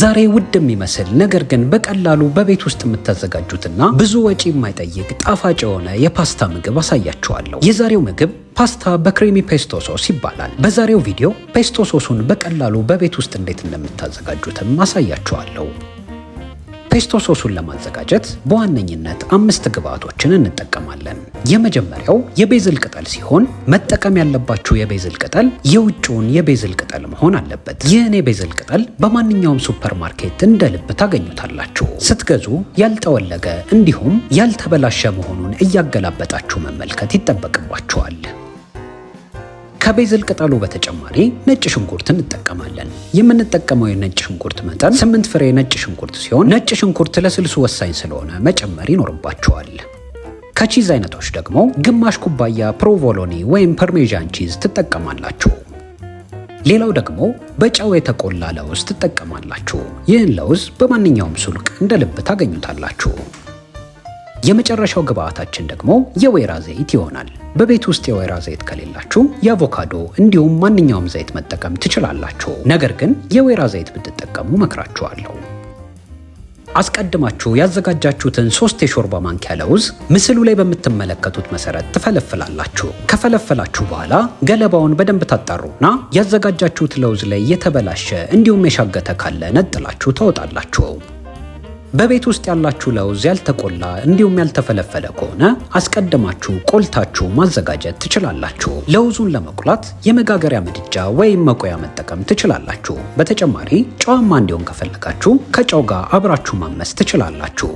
ዛሬ ውድ የሚመስል ነገር ግን በቀላሉ በቤት ውስጥ የምታዘጋጁትና ብዙ ወጪ የማይጠይቅ ጣፋጭ የሆነ የፓስታ ምግብ አሳያችኋለሁ። የዛሬው ምግብ ፓስታ በክሬሚ ፔስቶ ሶስ ይባላል። በዛሬው ቪዲዮ ፔስቶ ሶሱን በቀላሉ በቤት ውስጥ እንዴት እንደምታዘጋጁትም አሳያችኋለሁ። ፔስቶ ሶሱን ለማዘጋጀት በዋነኝነት አምስት ግብዓቶችን እንጠቀማለን። የመጀመሪያው የቤዝል ቅጠል ሲሆን መጠቀም ያለባችሁ የቤዝል ቅጠል የውጭውን የቤዝል ቅጠል መሆን አለበት። ይህን የቤዝል ቅጠል በማንኛውም ሱፐር ማርኬት እንደ ልብ ታገኙታላችሁ። ስትገዙ ያልጠወለገ እንዲሁም ያልተበላሸ መሆኑን እያገላበጣችሁ መመልከት ይጠበቅባችኋል። ከቤዝል ቅጠሉ በተጨማሪ ነጭ ሽንኩርት እንጠቀማለን። የምንጠቀመው የነጭ ሽንኩርት መጠን ስምንት ፍሬ ነጭ ሽንኩርት ሲሆን ነጭ ሽንኩርት ለስልሱ ወሳኝ ስለሆነ መጨመር ይኖርባቸዋል። ከቺዝ አይነቶች ደግሞ ግማሽ ኩባያ ፕሮቮሎኒ ወይም ፐርሜዣን ቺዝ ትጠቀማላችሁ። ሌላው ደግሞ በጨው የተቆላ ለውዝ ትጠቀማላችሁ። ይህን ለውዝ በማንኛውም ሱልቅ እንደ ልብ ታገኙታላችሁ። የመጨረሻው ግብአታችን ደግሞ የወይራ ዘይት ይሆናል። በቤት ውስጥ የወይራ ዘይት ከሌላችሁ የአቮካዶ እንዲሁም ማንኛውም ዘይት መጠቀም ትችላላችሁ። ነገር ግን የወይራ ዘይት ብትጠቀሙ መክራችኋለሁ። አስቀድማችሁ ያዘጋጃችሁትን ሶስት የሾርባ ማንኪያ ለውዝ ምስሉ ላይ በምትመለከቱት መሰረት ትፈለፍላላችሁ። ከፈለፈላችሁ በኋላ ገለባውን በደንብ ታጣሩና ያዘጋጃችሁት ለውዝ ላይ የተበላሸ እንዲሁም የሻገተ ካለ ነጥላችሁ ታወጣላችሁ። በቤት ውስጥ ያላችሁ ለውዝ ያልተቆላ እንዲሁም ያልተፈለፈለ ከሆነ አስቀድማችሁ ቆልታችሁ ማዘጋጀት ትችላላችሁ። ለውዙን ለመቁላት የመጋገሪያ ምድጃ ወይም መቆያ መጠቀም ትችላላችሁ። በተጨማሪ ጨዋማ እንዲሆን ከፈለጋችሁ ከጨው ጋር አብራችሁ ማመስ ትችላላችሁ።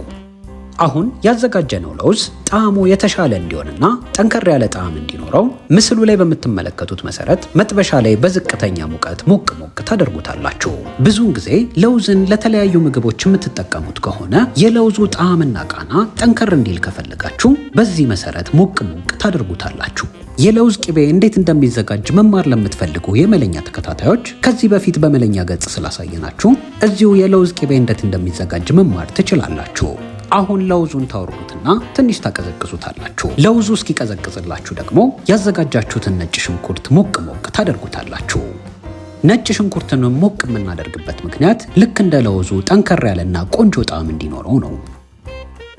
አሁን ያዘጋጀነው ለውዝ ጣዕሙ የተሻለ እንዲሆንና ጠንከር ያለ ጣዕም እንዲኖረው ምስሉ ላይ በምትመለከቱት መሰረት መጥበሻ ላይ በዝቅተኛ ሙቀት ሞቅ ሞቅ ታደርጉታላችሁ። ብዙውን ጊዜ ለውዝን ለተለያዩ ምግቦች የምትጠቀሙት ከሆነ የለውዙ ጣዕምና ቃና ጠንከር እንዲል ከፈልጋችሁ በዚህ መሰረት ሞቅ ሞቅ ታደርጉታላችሁ። የለውዝ ቅቤ እንዴት እንደሚዘጋጅ መማር ለምትፈልጉ የመለኛ ተከታታዮች ከዚህ በፊት በመለኛ ገጽ ስላሳየናችሁ እዚሁ የለውዝ ቅቤ እንዴት እንደሚዘጋጅ መማር ትችላላችሁ። አሁን ለውዙን ታወርዱትና ትንሽ ታቀዘቅዙታላችሁ። ለውዙ እስኪቀዘቅዝላችሁ ደግሞ ያዘጋጃችሁትን ነጭ ሽንኩርት ሞቅ ሞቅ ታደርጉታላችሁ። ነጭ ሽንኩርትን ሞቅ የምናደርግበት ምክንያት ልክ እንደ ለውዙ ጠንከር ያለና ቆንጆ ጣዕም እንዲኖረው ነው።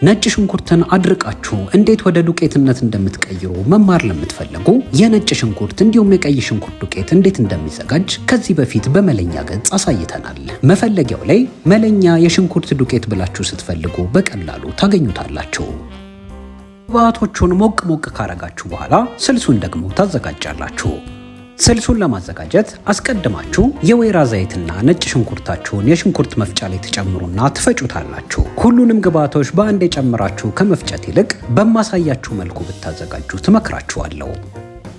ነጭ ሽንኩርትን አድርቃችሁ እንዴት ወደ ዱቄትነት እንደምትቀይሩ መማር ለምትፈልጉ የነጭ ሽንኩርት እንዲሁም የቀይ ሽንኩርት ዱቄት እንዴት እንደሚዘጋጅ ከዚህ በፊት በመለኛ ገጽ አሳይተናል። መፈለጊያው ላይ መለኛ የሽንኩርት ዱቄት ብላችሁ ስትፈልጉ በቀላሉ ታገኙታላችሁ። ግብአቶቹን ሞቅ ሞቅ ካረጋችሁ በኋላ ስልሱን ደግሞ ታዘጋጃላችሁ። ስልሱን ለማዘጋጀት አስቀድማችሁ የወይራ ዘይትና ነጭ ሽንኩርታችሁን የሽንኩርት መፍጫ ላይ ትጨምሩና ትፈጩታላችሁ። ሁሉንም ግብዓቶች በአንድ የጨምራችሁ ከመፍጨት ይልቅ በማሳያችሁ መልኩ ብታዘጋጁ ትመክራችኋለሁ።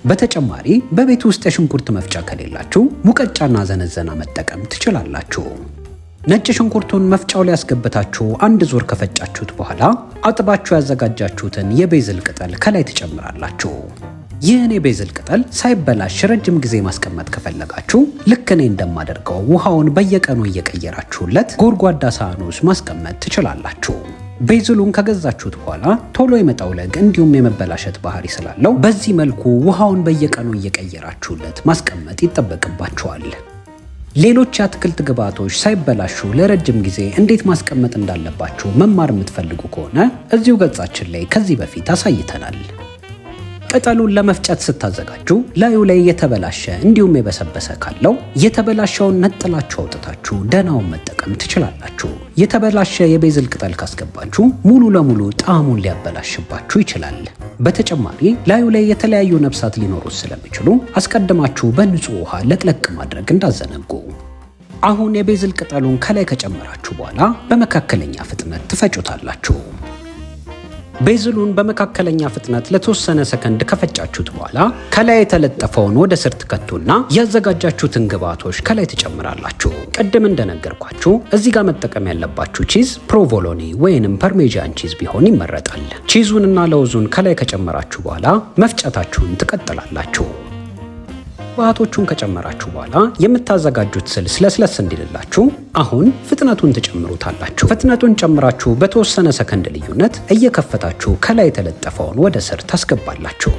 በተጨማሪ በቤት ውስጥ የሽንኩርት መፍጫ ከሌላችሁ ሙቀጫና ዘነዘና መጠቀም ትችላላችሁ። ነጭ ሽንኩርቱን መፍጫው ላይ ያስገብታችሁ አንድ ዙር ከፈጫችሁት በኋላ አጥባችሁ ያዘጋጃችሁትን የቤዝል ቅጠል ከላይ ትጨምራላችሁ። ይህን የቤዝል ቅጠል ሳይበላሽ ረጅም ጊዜ ማስቀመጥ ከፈለጋችሁ ልክ እኔ እንደማደርገው ውሃውን በየቀኑ እየቀየራችሁለት ጎድጓዳ ሳህን ውስጥ ማስቀመጥ ትችላላችሁ። ቤዝሉን ከገዛችሁት በኋላ ቶሎ የመጠውለግ እንዲሁም የመበላሸት ባህሪ ስላለው በዚህ መልኩ ውሃውን በየቀኑ እየቀየራችሁለት ማስቀመጥ ይጠበቅባችኋል። ሌሎች የአትክልት ግብዓቶች ሳይበላሹ ለረጅም ጊዜ እንዴት ማስቀመጥ እንዳለባችሁ መማር የምትፈልጉ ከሆነ እዚሁ ገጻችን ላይ ከዚህ በፊት አሳይተናል። ቅጠሉን ለመፍጨት ስታዘጋጁ ላዩ ላይ የተበላሸ እንዲሁም የበሰበሰ ካለው የተበላሸውን ነጥላችሁ አውጥታችሁ ደህናውን መጠቀም ትችላላችሁ። የተበላሸ የቤዝል ቅጠል ካስገባችሁ ሙሉ ለሙሉ ጣዕሙን ሊያበላሽባችሁ ይችላል። በተጨማሪ ላዩ ላይ የተለያዩ ነፍሳት ሊኖሩት ስለሚችሉ አስቀድማችሁ በንጹህ ውሃ ለቅለቅ ማድረግ እንዳዘነጉ። አሁን የቤዝል ቅጠሉን ከላይ ከጨመራችሁ በኋላ በመካከለኛ ፍጥነት ትፈጩታላችሁ። ቤዝሉን በመካከለኛ ፍጥነት ለተወሰነ ሰከንድ ከፈጫችሁት በኋላ ከላይ የተለጠፈውን ወደ ስር ትከቱና ያዘጋጃችሁትን ግብዓቶች ከላይ ትጨምራላችሁ። ቅድም እንደነገርኳችሁ እዚህ ጋር መጠቀም ያለባችሁ ቺዝ ፕሮቮሎኒ ወይንም ፐርሜጃን ቺዝ ቢሆን ይመረጣል። ቺዙንና ለውዙን ከላይ ከጨመራችሁ በኋላ መፍጨታችሁን ትቀጥላላችሁ። ግባቶቹን ከጨመራችሁ በኋላ የምታዘጋጁት ስልስ ለስለስ እንዲልላችሁ አሁን ፍጥነቱን ትጨምሩታላችሁ። ፍጥነቱን ጨምራችሁ በተወሰነ ሰከንድ ልዩነት እየከፈታችሁ ከላይ የተለጠፈውን ወደ ስር ታስገባላችሁ።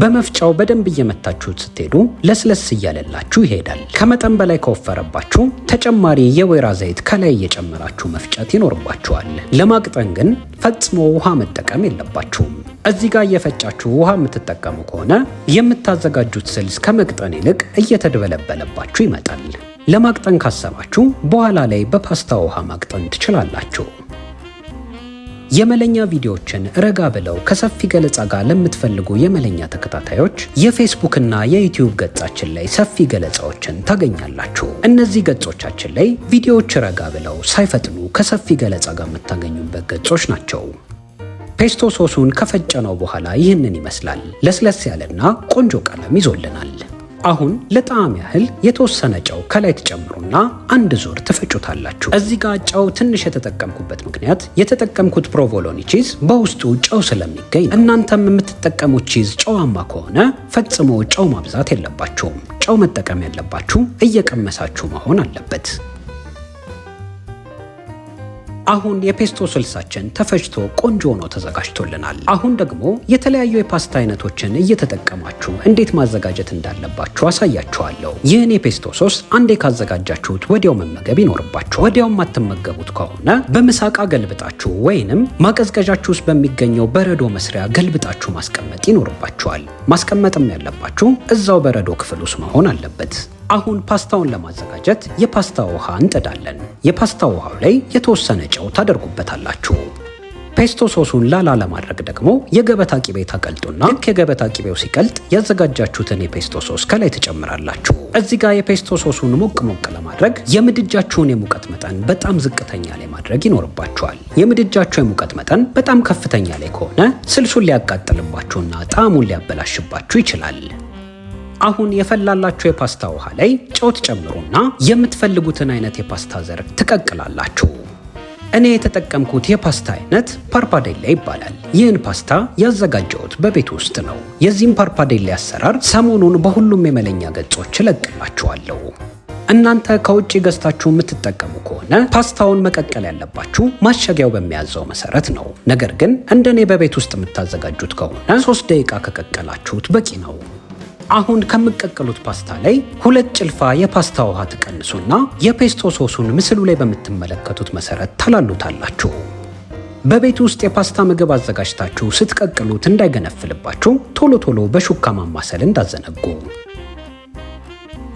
በመፍጫው በደንብ እየመታችሁት ስትሄዱ ለስለስ እያለላችሁ ይሄዳል። ከመጠን በላይ ከወፈረባችሁ ተጨማሪ የወይራ ዘይት ከላይ እየጨመራችሁ መፍጨት ይኖርባችኋል። ለማቅጠን ግን ፈጽሞ ውሃ መጠቀም የለባችሁም። እዚህ ጋር እየፈጫችሁ ውሃ የምትጠቀሙ ከሆነ የምታዘጋጁት ስልስ ከመቅጠን ይልቅ እየተድበለበለባችሁ ይመጣል። ለማቅጠን ካሰባችሁ በኋላ ላይ በፓስታ ውሃ ማቅጠን ትችላላችሁ። የመለኛ ቪዲዮዎችን ረጋ ብለው ከሰፊ ገለጻ ጋር ለምትፈልጉ የመለኛ ተከታታዮች የፌስቡክ እና የዩቲዩብ ገጻችን ላይ ሰፊ ገለጻዎችን ታገኛላችሁ። እነዚህ ገጾቻችን ላይ ቪዲዮዎች ረጋ ብለው ሳይፈጥኑ ከሰፊ ገለጻ ጋር የምታገኙበት ገጾች ናቸው። ፔስቶ ሶሱን ከፈጨነው በኋላ ይህንን ይመስላል። ለስለስ ያለና ቆንጆ ቀለም ይዞልናል። አሁን ለጣዕም ያህል የተወሰነ ጨው ከላይ ትጨምሩና አንድ ዙር ትፈጩታላችሁ። እዚህ ጋር ጨው ትንሽ የተጠቀምኩበት ምክንያት የተጠቀምኩት ፕሮቮሎኒ ቺዝ በውስጡ ጨው ስለሚገኝ፣ እናንተም የምትጠቀሙት ቺዝ ጨዋማ ከሆነ ፈጽሞ ጨው ማብዛት የለባችሁም። ጨው መጠቀም ያለባችሁ እየቀመሳችሁ መሆን አለበት። አሁን የፔስቶ ስልሳችን ተፈጭቶ ቆንጆ ሆኖ ተዘጋጅቶልናል። አሁን ደግሞ የተለያዩ የፓስታ አይነቶችን እየተጠቀማችሁ እንዴት ማዘጋጀት እንዳለባችሁ አሳያችኋለሁ። ይህን የፔስቶ ሶስ አንዴ ካዘጋጃችሁት ወዲያው መመገብ ይኖርባችሁ። ወዲያው የማትመገቡት ከሆነ በምሳቃ ገልብጣችሁ ወይንም ማቀዝቀዣችሁ ውስጥ በሚገኘው በረዶ መስሪያ ገልብጣችሁ ማስቀመጥ ይኖርባችኋል። ማስቀመጥም ያለባችሁ እዛው በረዶ ክፍል ውስጥ መሆን አለበት። አሁን ፓስታውን ለማዘጋጀት የፓስታ ውሃ እንጥዳለን። የፓስታ ውሃው ላይ የተወሰነ ጨው ታደርጉበታላችሁ። ፔስቶ ሶሱን ላላ ለማድረግ ደግሞ የገበታ ቂቤ ታቀልጡና ልክ የገበታ ቂቤው ሲቀልጥ ያዘጋጃችሁትን የፔስቶ ሶስ ከላይ ትጨምራላችሁ። እዚህ ጋር የፔስቶ ሶሱን ሞቅ ሞቅ ለማድረግ የምድጃችሁን የሙቀት መጠን በጣም ዝቅተኛ ላይ ማድረግ ይኖርባችኋል። የምድጃችሁ የሙቀት መጠን በጣም ከፍተኛ ላይ ከሆነ ስልሱን ሊያቃጥልባችሁና ጣዕሙን ሊያበላሽባችሁ ይችላል። አሁን የፈላላችሁ የፓስታ ውሃ ላይ ጨው ትጨምሩና የምትፈልጉትን አይነት የፓስታ ዘር ትቀቅላላችሁ። እኔ የተጠቀምኩት የፓስታ አይነት ፓርፓዴላ ይባላል። ይህን ፓስታ ያዘጋጀሁት በቤት ውስጥ ነው። የዚህም ፓርፓዴላ አሰራር ሰሞኑን በሁሉም የመለኛ ገጾች እለቅላችኋለሁ። እናንተ ከውጭ ገዝታችሁ የምትጠቀሙ ከሆነ ፓስታውን መቀቀል ያለባችሁ ማሸጊያው በሚያዘው መሰረት ነው። ነገር ግን እንደኔ በቤት ውስጥ የምታዘጋጁት ከሆነ ሶስት ደቂቃ ከቀቀላችሁት በቂ ነው። አሁን ከምቀቀሉት ፓስታ ላይ ሁለት ጭልፋ የፓስታ ውሃ ትቀንሱና የፔስቶ ሶሱን ምስሉ ላይ በምትመለከቱት መሰረት ታላሉታላችሁ። በቤት ውስጥ የፓስታ ምግብ አዘጋጅታችሁ ስትቀቅሉት እንዳይገነፍልባችሁ ቶሎ ቶሎ በሹካ ማማሰል እንዳዘነጉ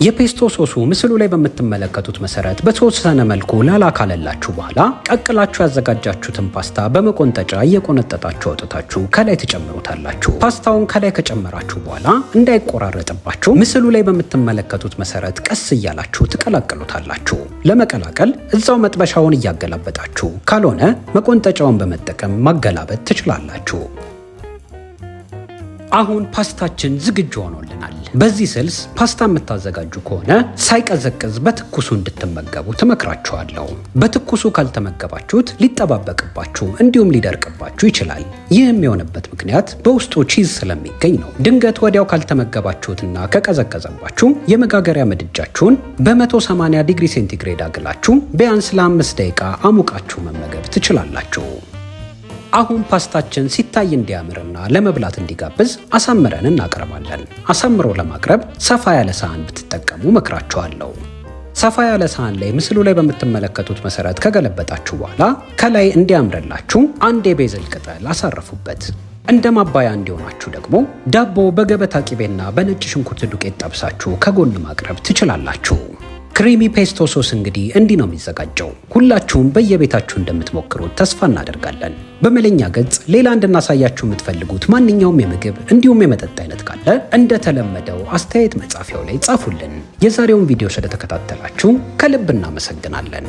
የፔስቶሶሱ ምስሉ ላይ በምትመለከቱት መሰረት በተወሰነ መልኩ ላላ ካለላችሁ በኋላ ቀቅላችሁ ያዘጋጃችሁትን ፓስታ በመቆንጠጫ እየቆነጠጣችሁ አውጥታችሁ ከላይ ትጨምሩታላችሁ። ፓስታውን ከላይ ከጨመራችሁ በኋላ እንዳይቆራረጥባችሁ ምስሉ ላይ በምትመለከቱት መሰረት ቀስ እያላችሁ ትቀላቅሉታላችሁ። ለመቀላቀል እዛው መጥበሻውን እያገላበጣችሁ ካልሆነ መቆንጠጫውን በመጠቀም ማገላበጥ ትችላላችሁ። አሁን ፓስታችን ዝግጁ ሆኖልናል። በዚህ ስልስ ፓስታ የምታዘጋጁ ከሆነ ሳይቀዘቅዝ በትኩሱ እንድትመገቡ ትመክራችኋለሁ። በትኩሱ ካልተመገባችሁት ሊጠባበቅባችሁ እንዲሁም ሊደርቅባችሁ ይችላል። ይህ የሚሆንበት ምክንያት በውስጡ ቺዝ ስለሚገኝ ነው። ድንገት ወዲያው ካልተመገባችሁትና ከቀዘቀዘባችሁ የመጋገሪያ ምድጃችሁን በ180 ዲግሪ ሴንቲግሬድ አግላችሁ ቢያንስ ለአምስት ደቂቃ አሙቃችሁ መመገብ ትችላላችሁ። አሁን ፓስታችን ሲታይ እንዲያምርና ለመብላት እንዲጋብዝ አሳምረን እናቀርባለን። አሳምሮ ለማቅረብ ሰፋ ያለ ሳህን ብትጠቀሙ መክራችኋለሁ። ሰፋ ያለ ሳህን ላይ ምስሉ ላይ በምትመለከቱት መሰረት ከገለበጣችሁ በኋላ ከላይ እንዲያምርላችሁ አንድ የቤዝል ቅጠል አሳረፉበት። እንደ ማባያ እንዲሆናችሁ ደግሞ ዳቦ በገበታ ቂቤና በነጭ ሽንኩርት ዱቄት ጠብሳችሁ ከጎን ማቅረብ ትችላላችሁ። ክሪሚ ፔስቶ ሶስ እንግዲህ እንዲህ ነው የሚዘጋጀው። ሁላችሁም በየቤታችሁ እንደምትሞክሩት ተስፋ እናደርጋለን። በመለኛ ገጽ ሌላ እንድናሳያችሁ የምትፈልጉት ማንኛውም የምግብ እንዲሁም የመጠጥ አይነት ካለ እንደተለመደው አስተያየት መጻፊያው ላይ ጻፉልን። የዛሬውን ቪዲዮ ስለተከታተላችሁ ከልብ እናመሰግናለን።